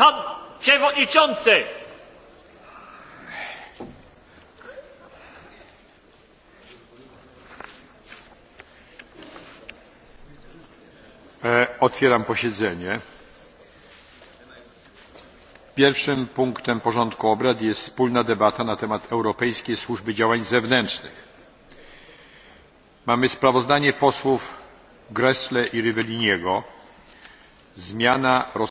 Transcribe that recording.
Pan Przewodniczący! Otwieram posiedzenie. Pierwszym punktem porządku obrad jest wspólna debata na temat Europejskiej Służby Działań Zewnętrznych. Mamy sprawozdanie posłów Gressle i Ryweliniego. Zmiana